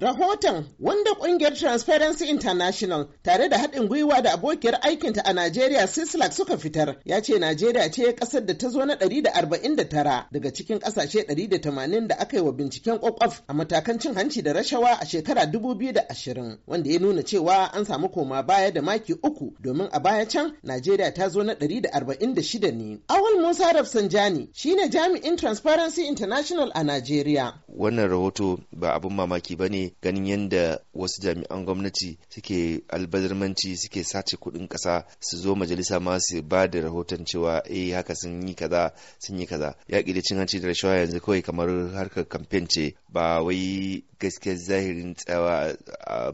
Rahoton wanda kungiyar Transparency International tare da haɗin gwiwa da abokiyar aikinta a Najeriya Sislak suka fitar ya ce Najeriya ce ƙasar da ta zo na 149 daga cikin ƙasashe 180 da aka yi wa binciken kwakwaf a matakan cin hanci da rashawa a shekara 2020 wanda ya nuna cewa an samu koma baya da maki uku domin a baya can Najeriya ta zo na 146 ne. Awal Musa Rafsanjani shine jami'in Transparency International a Najeriya. Wannan rahoto ba abin mamaki ba ne ganin yadda wasu jami'an gwamnati suke albazarmanci suke sace kuɗin ƙasa su zo majalisa ma su ba da rahoton cewa eh haka sun yi kaza sun yi kaza yaƙi da cin hanci da rashawa yanzu kawai kamar harkar kamfen ce ba wai gaskiyar zahirin tsawa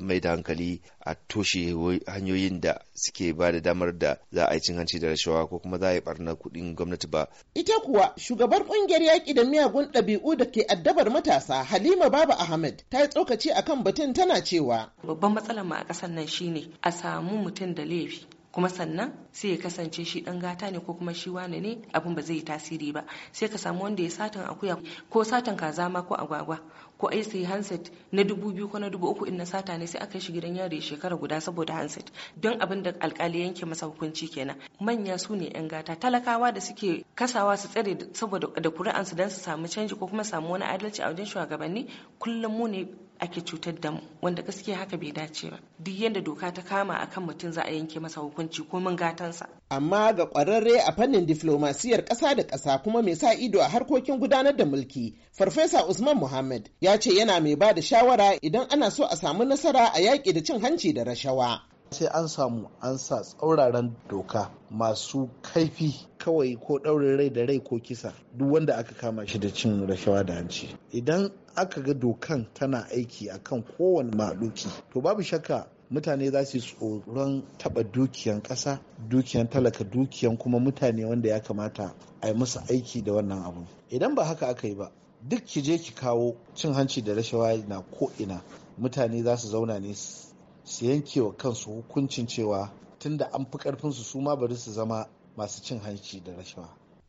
mai da hankali a toshe hanyoyin da suke ba da damar da za a yi cin hanci da rashawa ko kuma za a yi barna kuɗin gwamnati ba. Ita kuwa shugabar kungiyar yaƙi da miyagun ɗabi'u da ke addabar matasa Halima Baba Ahmed ta yi tsokaci akan batun tana cewa. Babban matsalar mu a ƙasar nan shine a samu mutum da laifi kuma sannan sai ya kasance shi dan gata ne ko kuma shi wane ne abin ba zai yi tasiri ba sai ka samu wanda ya satan akuya ko satan kaza ma ko agwagwa ko ai sai handset na dubu biyu ko na dubu uku in na sata ne sai aka shi gidan yari shekara guda saboda handset don abin da alkali yanke masa hukunci kenan manya su ne yan gata talakawa da suke kasawa su tsare saboda da kuri'ansu don su samu canji ko kuma samu wani adalci a wajen shugabanni kullum mu ne ake cutar da mu wanda gaskiya haka bai dace ba duk yadda doka ta kama akan mutum za a yanke masa hukunci ko mun gatansa amma ga kwararre a fannin diflomasiyar ƙasa da ƙasa kuma mai sa ido a harkokin gudanar da mulki farfesa usman muhammad ya ce yana mai ba da shawara idan ana so a samu nasara a yaƙi da cin hanci da rashawa sai an samu an sa tsauraran doka masu kaifi kawai ko ɗaurin rai da rai ko kisa duk wanda aka kama shi da cin rashawa da hanci idan aka ga dokan tana aiki a kan kowane maɗuki to babu shakka mutane za su tsoron taɓa dukiyan ƙasa dukiyan talaka dukiyan kuma mutane wanda ya kamata a yi musu aiki da wannan abu idan ba haka aka yi ba duk ki je ki kawo cin hanci da rashawa na ko ina, mutane za su zauna ne su yanke wa kansu hukuncin cewa tunda an fi su su ma bari su zama masu cin hanci da rashawa.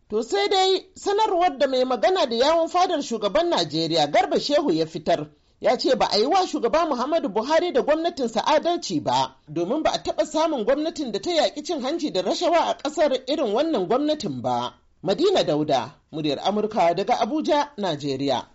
To sai dai sanarwar da mai magana da yawon fadar shugaban Najeriya Garba Shehu ya fitar ya ce ba a yi wa shugaba Muhammadu Buhari da gwamnatin adalci ba domin ba a taɓa samun gwamnatin da ta yaƙi cin hanci da rashawa a ƙasar irin wannan gwamnatin ba. Madina Dauda, muryar Amurka daga Abuja, Najeriya.